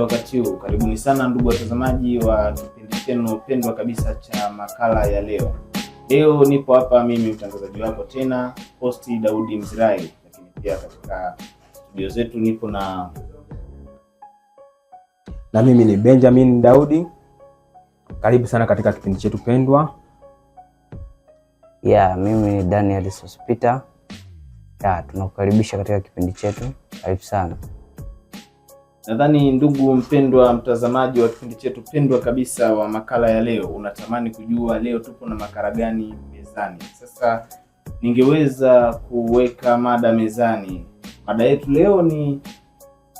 kutusikiliza wakati huu. Karibuni sana ndugu watazamaji wa kipindi chenu pendwa kabisa cha makala ya leo. Leo nipo hapa mimi mtangazaji wako tena hosti Daudi Mzirai, lakini pia katika studio zetu nipo na na mimi ni Benjamin Daudi. Karibu sana katika kipindi chetu pendwa. Yeah, mimi ni Daniel Sospita. Yeah, tunakukaribisha katika kipindi chetu. Karibu sana. Nadhani ndugu mpendwa mtazamaji wa kipindi chetu pendwa kabisa wa makala ya leo, unatamani kujua leo tupo na makala gani mezani. Sasa ningeweza kuweka mada mezani. Mada yetu leo ni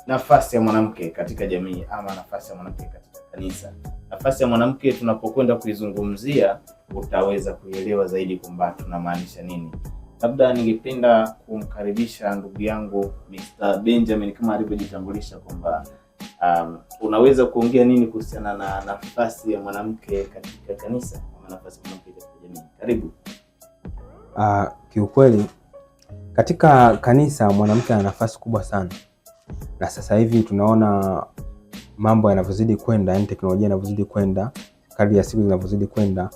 nafasi ya mwanamke katika jamii ama nafasi ya mwanamke katika kanisa. Nafasi ya mwanamke tunapokwenda kuizungumzia, utaweza kuielewa zaidi kwamba tunamaanisha nini. Labda ningependa kumkaribisha ndugu yangu Mr. Benjamin kama alivyojitambulisha kwamba um, unaweza kuongea nini kuhusiana na nafasi ya mwanamke katika kanisa ama nafasi ya mwanamke katika jamii? Karibu. Uh, kiukweli katika kanisa mwanamke ana nafasi kubwa sana, na sasa hivi tunaona mambo yanavyozidi kwenda, yani teknolojia inavyozidi kwenda kadri ya siku zinavyozidi kwenda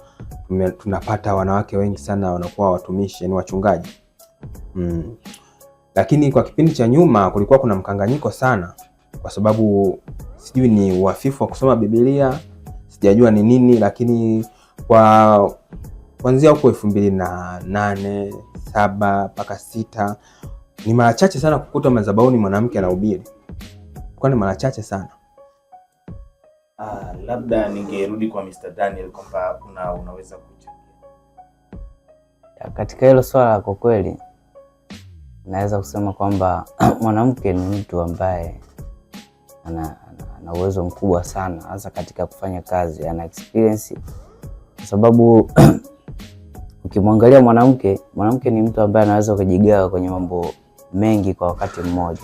tunapata wanawake wengi sana wanakuwa watumishi, yani wachungaji mm. Lakini kwa kipindi cha nyuma kulikuwa kuna mkanganyiko sana, kwa sababu sijui ni uhafifu wa kusoma Biblia, sijajua ni nini, lakini kwa kuanzia huko elfu mbili na nane saba mpaka sita ni mara chache sana kukuta madhabahuni mwanamke anahubiri, kwa ni mara chache sana Ah, labda ningerudi kwa Mr. Daniel kwamba una, unaweza kuchangia katika hilo swala. Kwa kweli naweza kusema kwamba mwanamke ni mtu ambaye ana ana uwezo mkubwa sana, hasa katika kufanya kazi, ana experience kwa sababu ukimwangalia mwanamke, mwanamke ni mtu ambaye anaweza kujigawa kwenye mambo mengi kwa wakati mmoja.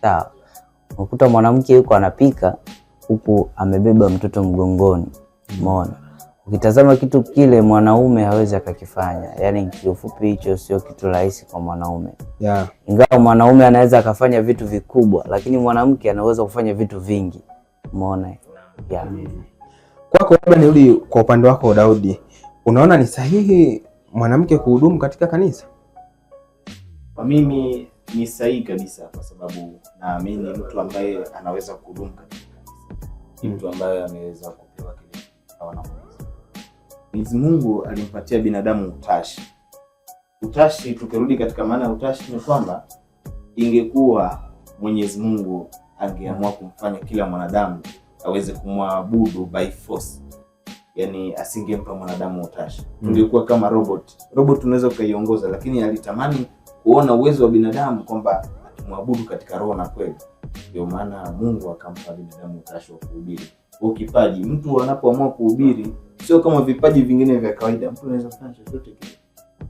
Sawa, ukuta mwanamke yuko anapika huku amebeba mtoto mgongoni. Umeona, ukitazama kitu kile mwanaume hawezi akakifanya. Yani kiufupi, hicho sio kitu rahisi kwa mwanaume yeah. Ingawa mwanaume anaweza akafanya vitu vikubwa, lakini mwanamke anaweza kufanya vitu vingi. Umeona yeah. Kwako labda nirudi kwa upande wako Daudi, unaona ni sahihi mwanamke kuhudumu katika kanisa? Kwa mimi ni sahihi kabisa, kwa sababu naamini mtu ambaye anaweza kuhudumu katika ni mtu ambaye ameweza kupewa kile kipawa na Mwenyezi Mungu. Mwenyezi Mungu alimpatia binadamu utashi. Utashi, tukirudi katika maana ya utashi, ni kwamba ingekuwa Mwenyezi Mungu angeamua kumfanya kila mwanadamu aweze kumwabudu by force, yani asingempa mwanadamu utashi, hmm. tungekuwa mm. kama robot. Robot unaweza ukaiongoza, lakini alitamani kuona uwezo wa binadamu kwamba akimwabudu katika roho na kweli ndio maana Mungu akampa binadamu utashi wa kuhubiri. Kwa kipaji mtu anapoamua kuhubiri, sio kama vipaji vingine vya kawaida, mtu anaweza kufanya chochote kile,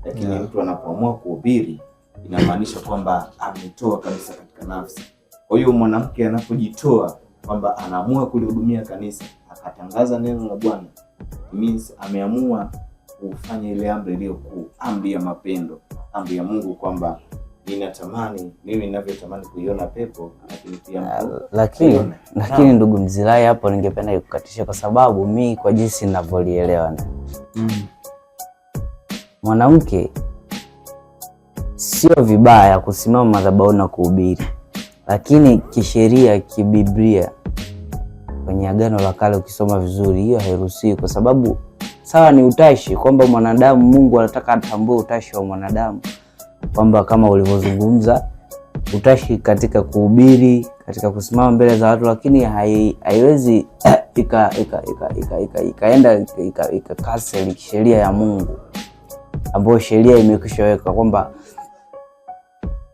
lakini yeah, mtu anapoamua kuhubiri inamaanisha kwamba ametoa kabisa katika nafsi. Kwa hiyo mwanamke anapojitoa kwamba anaamua kulihudumia kanisa akatangaza neno la Bwana means ameamua kufanya ile amri iliyokuu, amri ya mapendo, amri ya Mungu kwamba ninatamani mimi ninavyotamani kuiona pepo, lakini pia ah, lakini lakini, ndugu Mzilai, hapo ningependa ikukatishe kwa sababu mi kwa jinsi ninavyolielewa mm. mwanamke sio vibaya kusimama madhabahuni na kuhubiri, lakini kisheria, kibiblia, kwenye Agano la Kale ukisoma vizuri, hiyo hairuhusiwi kwa sababu sawa, ni utashi kwamba mwanadamu, Mungu anataka atambue utashi wa mwanadamu kwamba kama ulivyozungumza utashi katika kuhubiri, katika kusimama mbele za watu, lakini haiwezi ikaenda ikakasel sheria ya Mungu ambayo sheria weka kwamba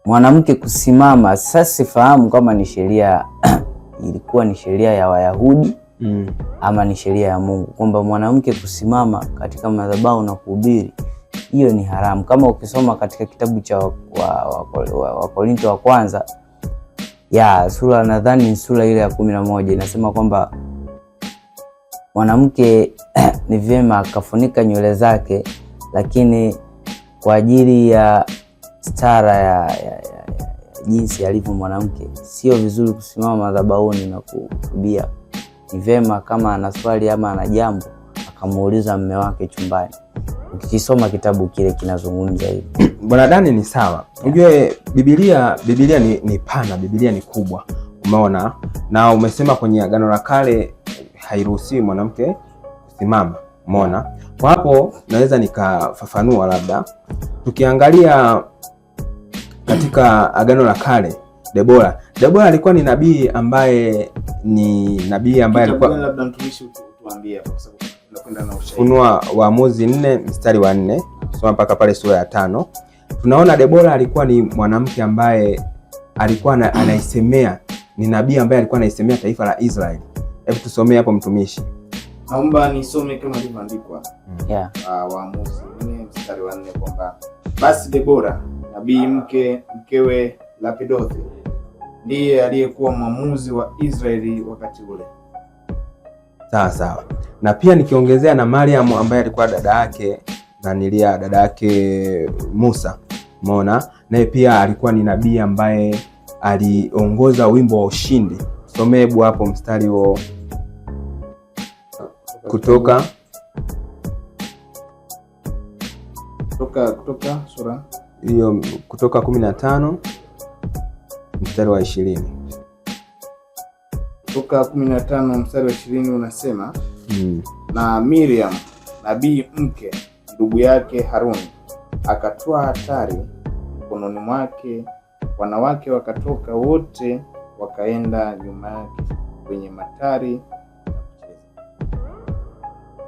mwanamke kusimama. Sasa sifahamu kama ni sheria ilikuwa ni sheria ya Wayahudi mm, ama ni sheria ya Mungu kwamba mwanamke kusimama katika madhabahu na kuhubiri hiyo ni haramu. Kama ukisoma katika kitabu cha wakorinto wa, wa, wa, wa, kwanza ya sura nadhani ni sura ile ya kumi na moja inasema kwamba mwanamke ni vyema akafunika nywele zake, lakini kwa ajili ya stara ya, ya, ya, ya jinsi alivyo mwanamke, sio vizuri kusimama madhabahuni na kuhutubia. Ni vyema kama ana swali ama ana jambo akamuuliza mme wake chumbani ukikisoma kitabu kile kinazungumza hivi. Bwana Dani, ni sawa. Ujue Biblia, Biblia ni, ni pana, Biblia ni kubwa, umeona na umesema kwenye Agano la Kale hairuhusiwi mwanamke kusimama, umeona. Kwa hapo naweza nikafafanua, labda tukiangalia katika Agano la Kale Debora, Debora alikuwa ni nabii ambaye ni nabii ambaye alikuwa labda mtumishi, tuambie kwa sababu Funua Waamuzi nne mstari wa nne soma mpaka pale sura ya tano. Tunaona Debora alikuwa ni mwanamke ambaye alikuwa na, anaisemea ni nabii ambaye alikuwa anaisemea taifa la Israeli. Hebu tusomee hapo mtumishi. Naomba nisome kama ilivyoandikwa. Mm. Yeah. Uh, Waamuzi nne mstari wa nne kwamba basi Debora nabii mke mkewe Lapidothi ndiye aliyekuwa mwamuzi wa Israeli wakati ule. Sawa sawa na pia nikiongezea na Mariam ambaye alikuwa dada yake nanilia dada yake Musa, umeona naye pia alikuwa ni nabii ambaye aliongoza wimbo wa ushindi. somee hebu hapo mstari wa kutoka kutoka kutoka sura hiyo Kutoka 15 mstari wa 20. Kutoka 15 mstari wa 20 unasema Mm. na Miriam nabii mke ndugu yake Haruni akatoa hatari mkononi mwake. Wanawake wakatoka wote wakaenda nyuma yake kwenye matari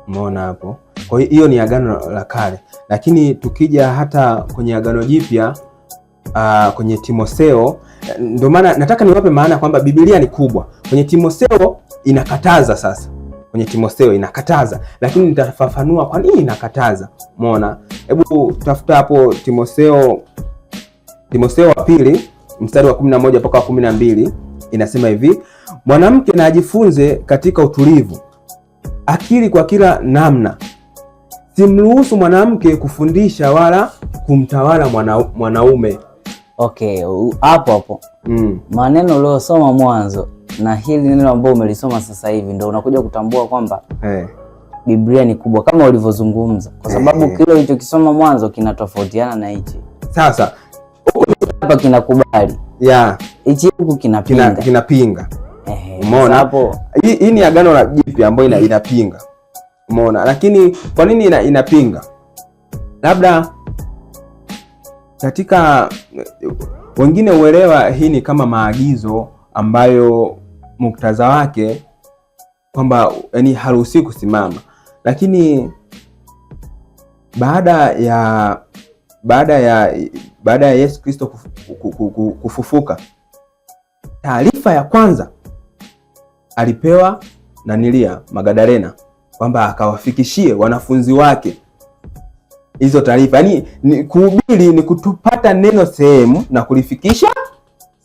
mona hapo? Kwa hiyo ni agano la kale, lakini tukija hata kwenye agano jipya uh, kwenye Timotheo, ndio maana nataka niwape maana kwamba Biblia ni kubwa. Kwenye Timotheo inakataza sasa kwenye Timotheo inakataza, lakini nitafafanua kwa nini inakataza. Umeona, hebu tafuta hapo Timotheo, Timotheo wa pili mstari wa 11 mpaka wa 12 inasema hivi, mwanamke na ajifunze katika utulivu akili kwa kila namna, simruhusu mwanamke kufundisha wala kumtawala mwana, mwanaume. Okay, hapo hapo mm. maneno uliosoma mwanzo na hili neno ambalo umelisoma sasa hivi ndio unakuja kutambua kwamba hey. Eh. Biblia ni kubwa kama ulivyozungumza, kwa sababu hey. Eh. Kile ulichokisoma mwanzo kinatofautiana na hichi sasa hapa kinakubali yeah. Hichi huku kinapinga kina, kinapinga eh, Umeona hapo, hii ni agano la jipya ambayo ina, inapinga umeona, lakini kwa nini ina, inapinga labda katika wengine uelewa, hii ni kama maagizo ambayo muktadha wake kwamba yani haruhusi kusimama, lakini baada ya baada ya baada ya Yesu Kristo kufufuka, taarifa ya kwanza alipewa na nilia magadalena kwamba akawafikishie wanafunzi wake hizo taarifa. Yaani kuhubiri ni kutupata neno sehemu na kulifikisha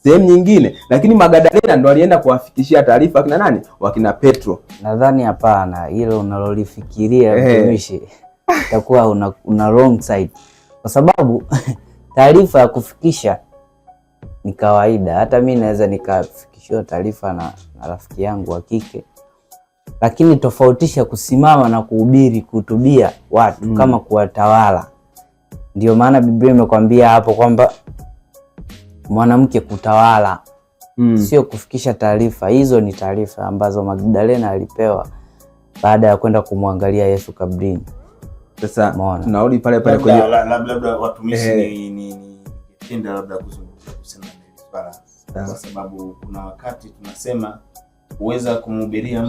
sehemu nyingine, lakini Magadalena ndo alienda kuwafikishia taarifa wakina nani, wakina Petro. Nadhani hapana, hilo unalolifikiria mtumishi itakuwa una, una wrong side, kwa sababu taarifa ya kufikisha ni kawaida. Hata mi naweza nikafikishiwa taarifa na, na rafiki yangu wa kike, lakini tofautisha kusimama na kuhubiri, kuhutubia watu mm. kama kuwatawala. Ndio maana Biblia imekwambia hapo kwamba mwanamke kutawala mm. Sio kufikisha taarifa. Hizo ni taarifa ambazo Magdalena alipewa baada ya kwenda kumwangalia Yesu kabrini. Sasa tunarudi pale pale kwenye labda watumishi eh. ni ni kinda labda kuzungumza kusema ah. kwa sababu kuna wakati tunasema huweza kumhubiria